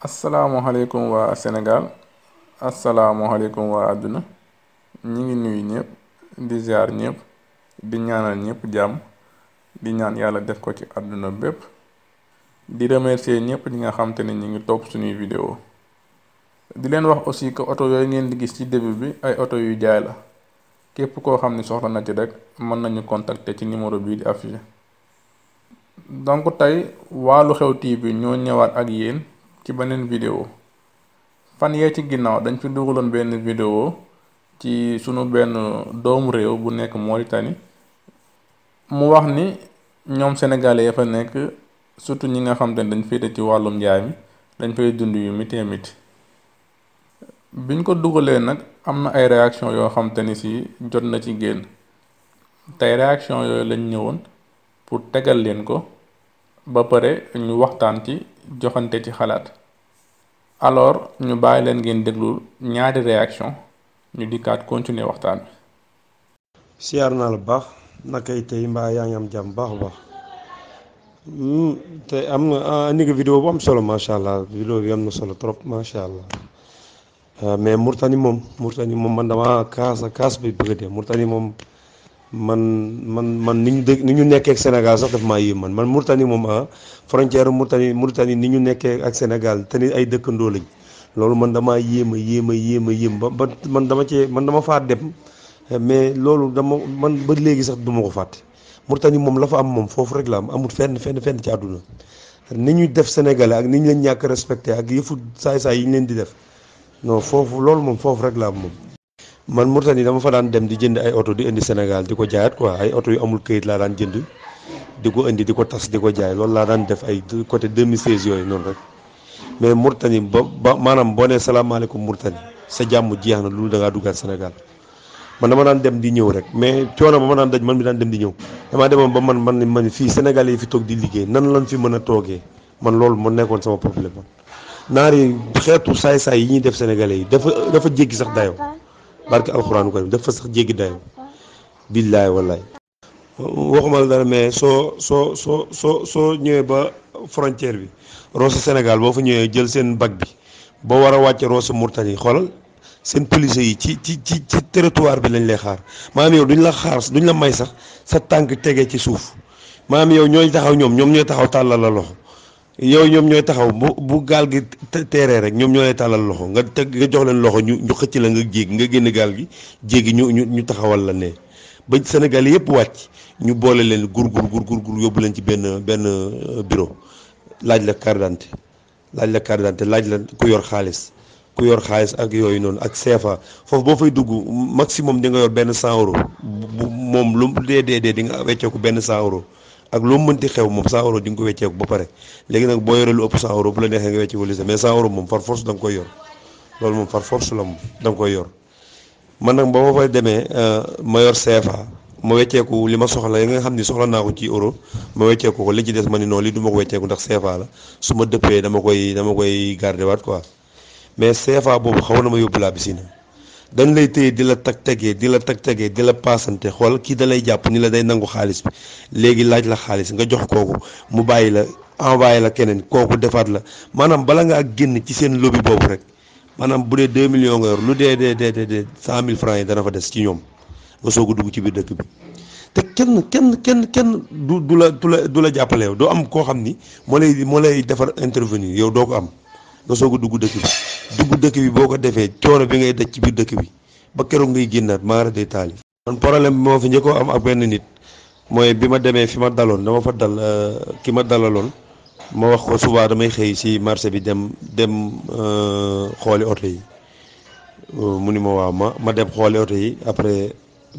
asalaamualeykum waa Sénégal asalaamualeykum waa àdduna ñi ngi nuyu ñëpp di ziar ñëpp di ñaanal ñëpp jàmm di ñaan yàlla def ko ci àdduna bépp di remercier ñëpp ñi nga xam te ne ñi ngi topp suñuy vidéo di leen wax aussi que oto yooyu ngeen di gis ci début bi ay oto yu jaay la képp koo xam ni soxla na ci rek mën nañu contacter ci numéro bii di affiché donc tey waa Lu Xew TV ñoo ñëwaat ak yéen ci beneen vidéo fan yee ci ginnaaw dañ fi dugaloon benn vidéo ci sunu benn doomu réew bu nekk Mauritanie mu wax ni ñoom sénégalais ya fa nekk surtout ñi nga xam te ne dañ féete ci wàllum njaay mi dañ fay dund yu mitee miti biñ ko dugalee nag am na ay réaction yoo xam te ni si jot na ci génn tey réaction yooyu lañ ñëwoon pour tegal leen ko ba pare ñu waxtaan ci joxante ci xalaat alors ñu bàyyi leen ngeen déglu ñaari réaction ñu dikkaat continuer waxtaan bi. siyaar naa la baax nakay tey mbaa yaa ngi am jàmm baax baax hmm, te am nga indi ah, nga vidéo bu am solo macha allah vidéo bi am na solo trop macha allah. Euh, mais Mourtani moom Mourtani moom man dama kaas kaas bi bëgg a dee Mourtani moom man man man ni ñu dégg ni ñu nekkee ak Sénégal sax daf maa yéem man man Mauritanie moom ah frontière Mauritanie Mauritanie ni ñu nekkee ak Sénégal te ni ay dëkkandoo lañ loolu man damaa yéem a yéem a yéem a yéem ba man dama cee man dama faa dem mais loolu dama man ba léegi sax duma ko fàtte Mauritanie moom la fa am moom foofu rek la am amul fenn fenn fenn ci adduna ni ñu def Sénégal ak ni ñu leen ñàkk respecté ak yëfu saay-saay yi ñu leen di def foofu loolu moom foofu rek la am moom. man Mauritanie dama fa daan dem di jënd ay oto di indi Sénégal di ko jaayaat quoi ay oto yu amul këyit laa daan jënd di ko indi di ko tas di ko jaay loolu laa daan def ay côté 2016 yooyu noonu rek mais Mauritanie ba ba maanaam boo nee salaamaaleykum Mauritanie sa jàmm jeex na loolu da ngaa duggaat Sénégal man dama daan dem di ñëw rek mais coono ba ma daan daj man mi daan dem di ñëw damaa demoon ba man man man fii Sénégal yi fi toog di liggéey nan lañ fi mën a toogee man loolu mu nekkoon sama problème man. naar yi xeetu saay-saay yi ñuy def Sénégalais yi dafa dafa jéggi sax dayoo. barke alxuraanu karim dafa sax jéggi dayoo billaay wallaay waxuma la dara mais soo soo soo soo soo ñëwee ba frontière bi Rosso Sénégal boo fa ñëwee jël seen bag bi ba war a wàcce Rosso yi xoolal seen policiers yi ci ci ci ci territoire bi lañ lay xaar maanaam yow duñu la xaar duñu la may sax sa tànk tegee ci suuf maanaam yow ñooy taxaw ñoom ñoom ñooy taxaw tàllal la loxo yow ñoom ñooy taxaw bu bu gaal gi teeree rek ñoom ñoo tàllal loxo nga teg nga jox leen loxo ñu ñu xëcc la nga jéegi nga génn gaal gi jéegi ñu ñu ñu taxawal la ne ba Sénégal yëpp wàcc ñu boole leen gur gur gur gur gur yóbbu leen ci benn benn euh, bureau laaj la carte d'identité laaj la carte laaj la ku yor xaalis ku yor xaalis ak yooyu noonu ak CFA foofu boo fay dugg maximum di nga yor benn 100 euro moom lu dee dee dee di nga wecceeku benn 100 euro ak loo mënti xew moom 100 euros di nga ko wecceeku ba pare léegi nag boo yoree lu ëpp 100 euros bu la neexee nga wecceeku lii sax mais 100 euros moom par force da koy yor loolu moom far force la moom da nga koy yor man nag ba ma demee euh, ma yor ma wecceeku li ma soxla yi nga xam ni soxla naa ko ci euro ma wecceeku ko li ci des ma ni non lii duma ko wecceeku ndax CFA la su ma dëppee dama koy dama koy garder quoi mais CFA boobu xaw na ma yóbbu laa bisi na dañ lay téye di la tag tegee di la tag tegee di la paasante xool kii da lay jàpp ni la day nangu xaalis bi léegi laaj la xaalis nga jox kooku mu bàyyi la envoyé la keneen kooku defaat la maanaam bala nga ak génn ci seen lobby boobu rek maanaam bu dee 2 million nga lu dee dee dee dee cent 000 francs yi dana fa des ci ñoom nga soog a dugg ci biir dëkk bi te kenn kenn kenn kenn du du la du la du la jàppale yow doo am koo xam ni moo lay moo lay defar intervenir yow doo ko am nga soog a dugg dëkk dugg dëkk bi boo ko defee coono bi ngay daj ci biir dëkk bi ba keroog ngay génnaat maa ngi taali man problème bi moo fi njëkkoo am ak benn nit mooy bi ma demee fi ma daloon dama fa dal euh, ki ma dalaloon ma wax ko souvent damay xëy si marché bi dem dem euh, xooli oto yi euh, mu ni ma waaw ma ma dem xooli oto yi après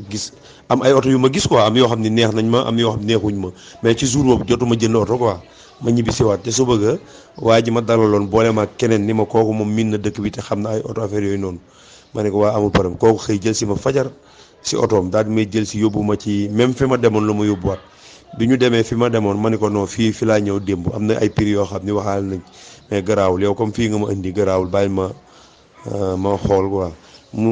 gis am ay oto yu ma gis quoi am yoo xam ne neex nañ ma am yoo xam neexuñ ma mais ci jour boobu jotuma jënd oto quoi ma ñibbisiwaat te su bëgg waa ji ma dalaloon boole ma keneen ni ma kooku moom miin na dëkk bi te xam na ay oto affaire yooyu noonu ma ne ko waa amul problème kooku xëy jël si ma fajar si otoom daal may jël si yóbbu ma ci même fi ma demoon la ma yóbbu yóbbuwaat du ñu demee fi ma demoon ma ne ko non fii fi laa ñëw démb am na ay prix yoo xam ne waxaal nañ mais garaawul yow comme fii nga ma indi garaawul bàyyi ma euh, ma xool quoi. mu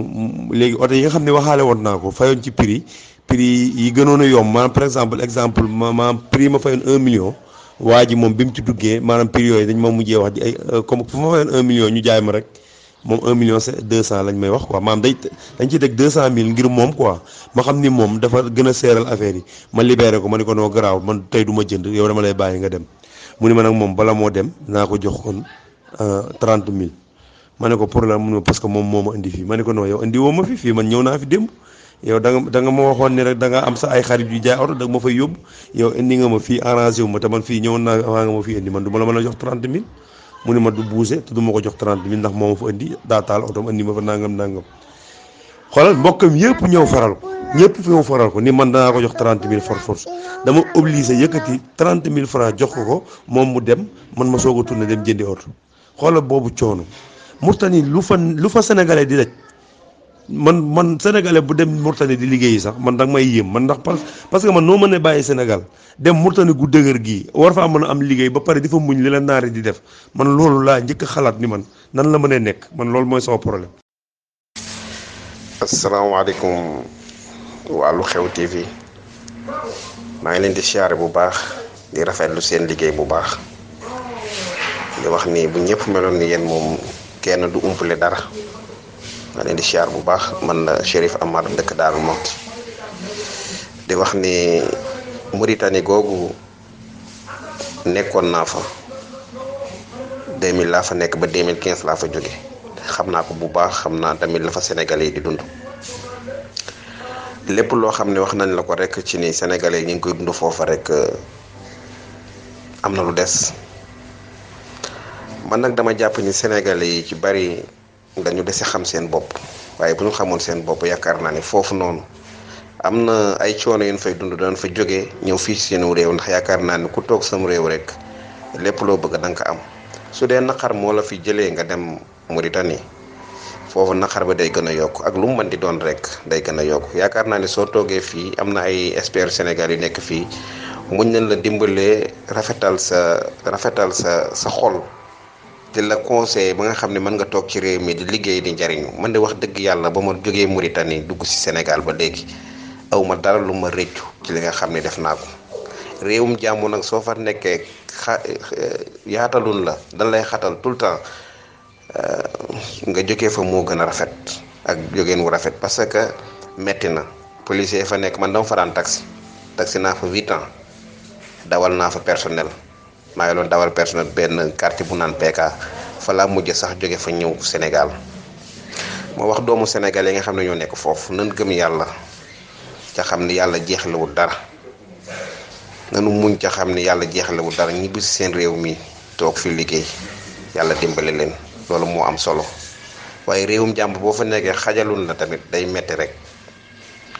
léegi oto yi nga xam ne waxaale woon naa ko fayoon ci prix prix yi gënoon a yomb maanaam par exemple exemple maanaam prix ma fayoon un million waa ji moom bi mu ci duggee maanaam prix yooyu dañ ma mujjee wax ji ay euh, comme fu ma fayoon un million ñu jaay ma rek moom un million c'est deux cent lañ may wax quoi maanaam day dañ ciy teg deux cent mille ngir moom quoi ma xam ni moom dafa gën a seeral affaire yi ma libéré ko ma ne ko noo garaaw man tey du ma jënd yow dama lay bàyyi nga dem mu ni ma nag moom bala moo dem naa ko jox kon euh, trente mille ma ne ko problème mu ne parce que moom moo ma indi fii ma ne ko non yow indi woo ma fi fii man ñëw naa fi démb yow da ma waxoon ne rek danga am sa ay xarit yu jaay oto da nga ma wu ma man fii ñëwoon naa waa nga ma fii indi man du ma a jox 30 000 mu ne ma du buuse te du ma ko jox 30 000 ndax moo ma fa indi ma fa nangam nangam xoolal mbokkam yëpp ñëw faral ko ñëpp ñëw faral ko ni man danaa ko jox 30 000 for force dama obligé yëkkati 30 000 francs jox ko ko moom mu dem man ma soog a tourné dem jëndi oto xoolal boobu coono Murtani lu fa lu fa sénégalais di daj man man sénégalais bu dem Murtani di liggéeyi sax man danga may yéem man ndax parce que man noo mën a bàyyi senegal dem Murtani gu dëgër gii war faa mën a am liggéey ba pare di fa muñ li la naari di def man loolu laa njëkk xalaat ni man nan la mënee nekk man loolu mooy sama problème. asalaamaaleykum waa Lu Xew TV maa ngi leen di siyaare bu baax di lu seen liggéey bu baax di wax ni bu ñëpp meloon ni yéen kenn du umpale dara ma di siyaar bu baax man la Chérif Amar dëkk Daaru Muxti di wax ni Mauritanie googu nekkoon naa fa 2000 laa fa nekk ba 2015 laa fa jóge xam naa ko bu baax xam naa tamit la fa Sénégalais yi di dund lépp loo xam ne wax nañ la ko rek ci ni Sénégalais ñu ngi koy dund foofa rek euh, am na lu des. man nag dama jàpp ni Sénégalais yi ci bari dañu dese xam seen bopp waaye bu ñu xamoon seen bopp yaakaar naa ne foofu noonu am na ay coono yu ñu fay dund doon fa jógee ñëw fii ci seen réew ndax yaakaar naa ne ku toog sam réew rek lépp loo bëgg da nga ko am su dee naqar moo la fi jëlee nga dem Mauritanie foofu naqar ba day gën a yokk ak lu mën di doon rek day gën a yokk yaakaar naa ne soo toogee fii am na ay experts Sénégal yu nekk fii muñ nañ la dimbalee rafetal sa rafetal sa sa xol. te la conseiller ba nga xam ne mën nga toog ci réew mi di liggéey di njariñu man de wax dëgg yàlla ba ma jógee Mauritanie dugg ci Sénégal ba léegi aw ma dara lu ma rëccu ci li nga xam ne def naa ko réewum jàmm nag soo fa nekkee xa eh, yaatalun la dañ lay xatal tout le temps eh, nga jógee fa moo gën a rafet ak jógeen wu rafet parce que metti na policier fa nekk man dama faraan daan taxi taxi naa fa huit ans dawal naa fa personnel maa ngi doon dawal personnel benn quartier bu naan PK fa laa mujj sax jóge fa ñëw Sénégal moo wax doomu Sénégal yi nga xam ne ñoo nekk foofu nan gëm yàlla ca xam ni yàlla jeexlewul dara nanu muñ ca xam ne yàlla jeexlewul dara ñibbi seen réew mi toog fi liggéey yàlla dimbali leen loolu moo am solo waaye réewum jàmb boo fa nekkee xajalul la tamit day metti rek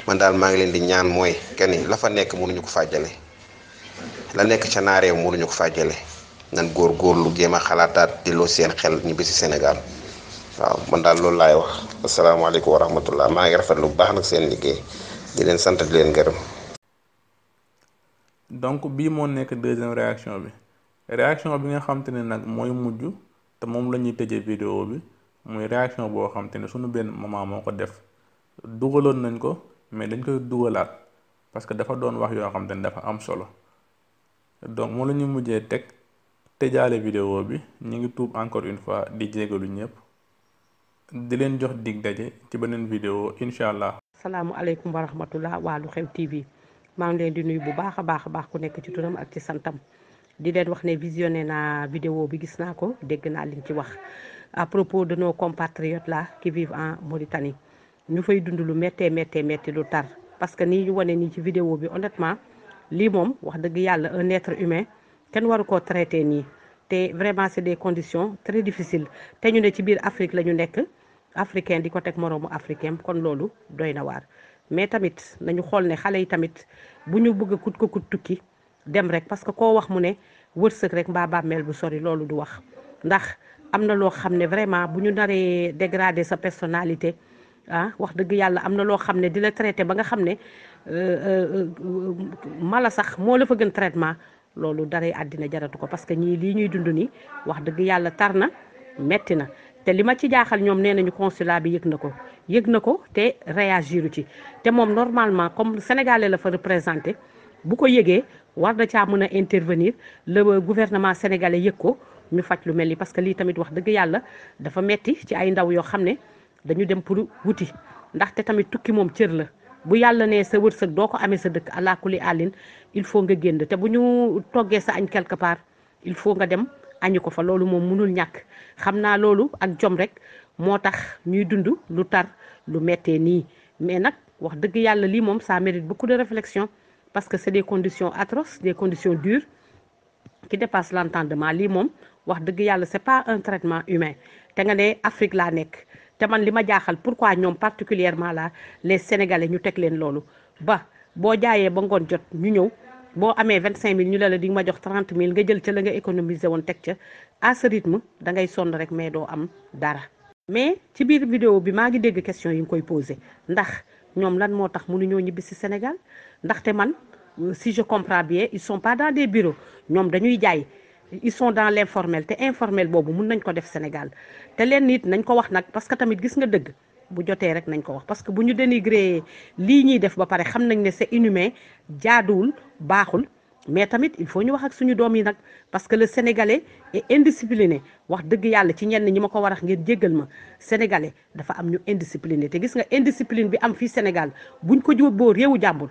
man daal maa ngi leen di ñaan mooy kenn la fa nekk mënuñu ko fàjjale la nekk ca naareew ñu ko faa nan góor góorlu jéem a xalaataat delloo seen xel ñibbi si Sénégal waaw man daal loolu laay wax asalaamaaleykum wa rahmatullah maa ngi rafetlu bu baax nag seen liggéey di leen sant di leen gërëm. donc bii moo nekk deuxième réaction bi réaction bi nga xam ne nag mooy mujj te moom la ñuy tëjee vidéo bi muy réaction boo xam ne sunu benn maman moo ko def dugaloon nañ ko mais dañ koy dugalaat parce que dafa doon wax yoo xam te ne dafa am solo. donc moom la ñu mujjee teg tëjaale vidéo bi ñu ngi tuub encore une fois di jégalu ñëpp di leen jox dig daje ci beneen vidéo incha allah. salaamualeykum wa rahmatullah waa Lu Xew TV maa ngi leen di nuyu bu baax a baax a baax ku nekk ci turam ak ci santam di leen wax ne visionné naa vidéo bi gis naa ko dégg naa liñ ci wax à propos de no compatriotes la qui vivent en Mauritanie ñu fay dund lu méttee méttee métti lu tar parce que nii ñu wane nii ci video bi honnêtement. lii moom wax dëgg yàlla un être humain kenn waru ko traité nii te vraiment c'est des conditions très difficiles te ñu ne ci biir Afrique la ñu nekk africain di ko teg moroomu africain kon loolu doy na waar mais tamit nañu xool ne xale yi tamit bu ñu bëgg a kut ko kut tukki dem rek parce que koo wax mu ne wërsëg rek mbaa bàmmeel bu sori loolu du wax ndax am na loo xam ne vraiment bu ñu naree dégrader sa personalité ah wax dëgg yàlla am na loo xam ne di la traité ba nga xam ne Euh, euh, euh, mala sax moo la fa gën traitement loolu daray àddina jaratu ko parce que ñii lii ñuy dund nii wax dëgg yàlla tar na metti na te li ma ci jaaxal ñoom nee nañu consulat bi yëg na ko yëg na ko te réagiru ci te moom normalement comme sénégalais la fa représenté bu ko yëgee war na caa mën a intervenir le gouvernement sénégalais yëg ko ñu faj lu mel ni parce que lii tamit wax dëgg yàlla dafa metti ci ay ndaw yoo xam ne dañu dem pour wuti ndaxte tamit tukki moom cër la bu yàlla nee sa sa doo ko amee sa dëkk ala kulli àllin il faut nga génn te bu ñu toggee sa añ quelque part il faut nga dem añu ko fa loolu moom mënul ñàkk xam naa loolu ak jom rek moo tax ñuy dund lu tar lu mettee nii mais nag wax dëgg yàlla lii moom ça mérite beaucoup de réflexion parce que c'est des conditions atroces des conditions dures ki dépassent l'entendement lii moom wax dëgg yàlla c'est pas un traitement humain te nga ne Afrique laa nekk te man li ma jaaxal pourquoi ñoom particulièrement la les sénégalais ñu teg leen loolu ba boo jaayee ba ngoon jot ñu ñëw boo amee vingt cinq mille ñu la la di nga ma jox trente mille nga jël ca la nga économiser woon teg ca à ce rythme da sonn rek mais doo am dara. mais ci biir vidéo bi maa ngi dégg question yi nga koy posé ndax ñoom lan moo tax mënuñoo ñibbi si Sénégal ndaxte man euh, si je comprends bien ils sont pas dans des bureaux ñoom dañuy jaay. ils sont dans l'informel te informel boobu mun nañ ko def Sénégal te leen nit nañ ko wax nag parce que tamit gis nga dëgg bu jotee rek nañ ko wax parce que bu ñu dénigré lii ñuy def ba pare xam nañ ne c'est inhumain jaaduwul baaxul mais tamit il faut ñu wax ak suñu doom yi nag parce que le sénégalais est indiscipliné wax dëgg yàlla ci ñenn ñi ma ko war ax ngeen jéggal ma sénégalais dafa am ñu indiscipliné te gis nga indiscipline bi am fii Sénégal buñ ko juboo réewu jàmbur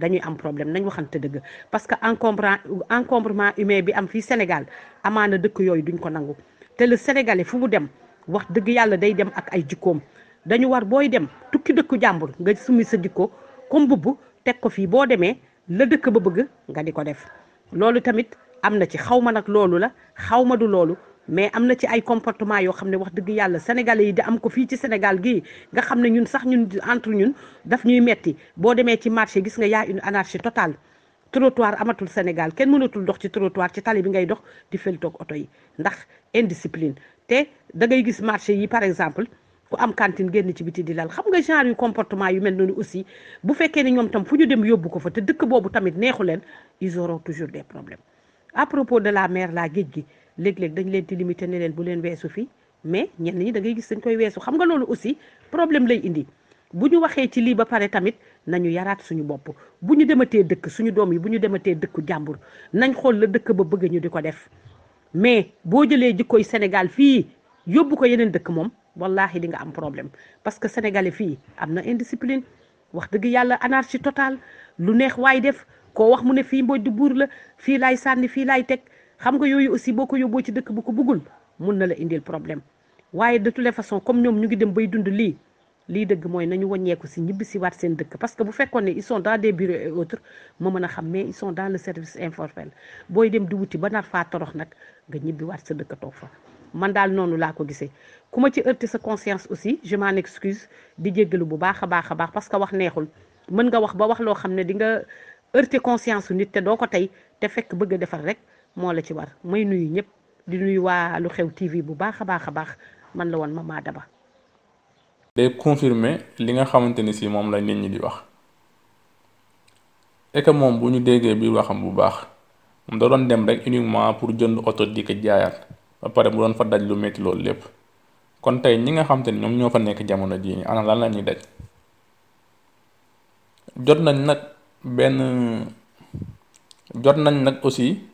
dañuy am problème nañ te dëgg parce que encombrement encombrement humain bi am fii Sénégal amaana dëkk yooyu duñ ko nangu te le sénégalais fu mu dem wax dëgg yàlla day dem ak ay jikkoom dañu war booy dem tukki dëkku jàmbur nga summi sa jikko comme mbubb teg ko fii boo demee la dëkk ba bëgg nga di ko def loolu tamit am na ci xaw ma nag loolu la xaw ma du loolu mais am na ci ay comportement yoo xam ne wax dëgg yàlla sénégalais yi di am ko fii ci Sénégal gii nga xam ne ñun sax ñun entre ñun daf ñuy metti boo demee ci marché gis nga yaa une anarchie totale trottoir amatul Sénégal kenn mënatul dox ci trottoir ci tali bi ngay dox di fel toog oto yi ndax indiscipline te da ngay gis marché yi par exemple ku am cantine génn ci biti di lal xam nga genre yu comportement yu mel noonu aussi bu fekkee ne ñoom tam fu ñu dem yóbbu ko fa te dëkk boobu tamit neexu leen ils toujours des problèmes à propos la mer la géej gi léeg-léeg dañ leen ti limité ne leen bu leen weesu fii mais ñenn ñi dangay gis dañ koy weesu xam nga loolu aussi problème lay indi bu ñu waxee ci lii ba pare tamit nañu yaraat suñu bopp bu ñu dematee dëkk suñu doom yi bu ñu dematee dëkku jàmbur nañ xool la dëkk ba bëgg ñu di ko def mais boo jëlee jikkoy Sénégal fii yóbbu ko yeneen dëkk moom wallahi di nga am problème parce que sénégalais fii am na indiscipline wax dëgg yàlla anarchie totale lu neex waay def koo wax mu ne fii mbooj du buur la fii laay sànni fii laay teg xam nga yooyu aussi boo ko yóbboo ci dëkk bu ko bëggul mun na la indil problème waaye de toutes les façons comme ñoom ñu ngi dem bay dund lii lii dëgg mooy nañu wàññeeku si ñibbi si waat seen dëkk parce que bu fekkoon ne ils sont dans des bureaux et autres ma mën a xam mais ils sont dans le service informel booy dem di wuti ba nar faa torox nag nga ñibbi waat sa dëkk toog fa man daal noonu laa ko gisee ku ma ci heurté sa conscience aussi je m'en excuse di jéggalu bu baax a baax baax parce que wax neexul mën nga wax ba wax loo xam ne di nga heurté conscience su nit te doo ko tey te fekk bëgg a defar rek moo la ci war may nuyu ñëpp di nuyu waa lu xew TV bu baax a baax a baax man la woon Mama Daba. day confirmer li nga xamante ni si moom la nit ñi di wax et moom bu ñu déggee bi waxam bu baax moom da doon dem rek uniquement pour jënd oto di ko jaayaat ba pare mu doon fa daj lu métti loolu lépp kon tey ñi nga xamante ni ñoom ñoo fa nekk jamono jii nii ana lan la ñuy daj jot nañ nag benn jot nañ nag aussi.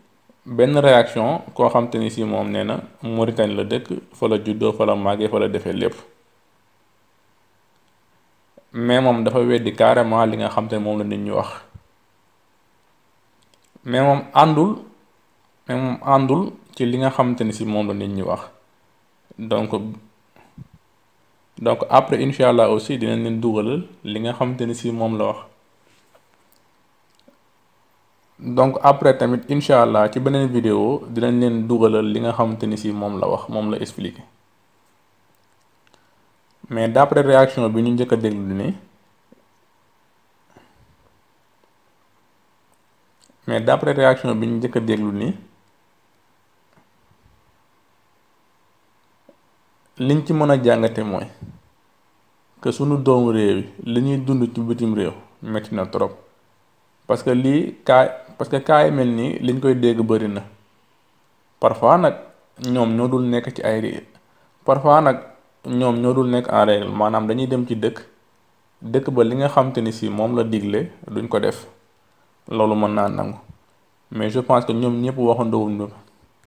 benn réaction koo xam ni si moom nee na Mauritanie la dëkk fa la juddoo fa la màggee fa la defee lépp mais moom dafa weddi carrément li nga xam te ne moom la nit ñu wax mais moom àndul mais moom àndul ci li nga xam ni si moom la nit ñu wax donc donc après incha allah aussi dina leen dugalal li nga xam ni si moom la wax. donc après tamit incha allah ci beneen vidéo dinañ leen dugalal li nga xamante ni si moom la wax moom la expliqué mais d'après réaction bi ñu njëkk a déglu nii mais d'après réaction bi ñu njëkk a déglu ni liñ ci mën a jàngate mooy que sunu doomu réew yi li ñuy dund ci bitim réew metti na trop. parce que lii kaa parce que kaa kaay mel nii liñ koy dégg bëri na parfois nag ñoom ñoo dul nekk ci ay parfois nag ñoom ñoo dul nekk en règle maanaam dañuy dem ci dëkk dëkk ba li nga xam ni si moom la digle duñ ko def loolu mën naa nangu mais je pense que ñoom ñëpp waxandoowuñ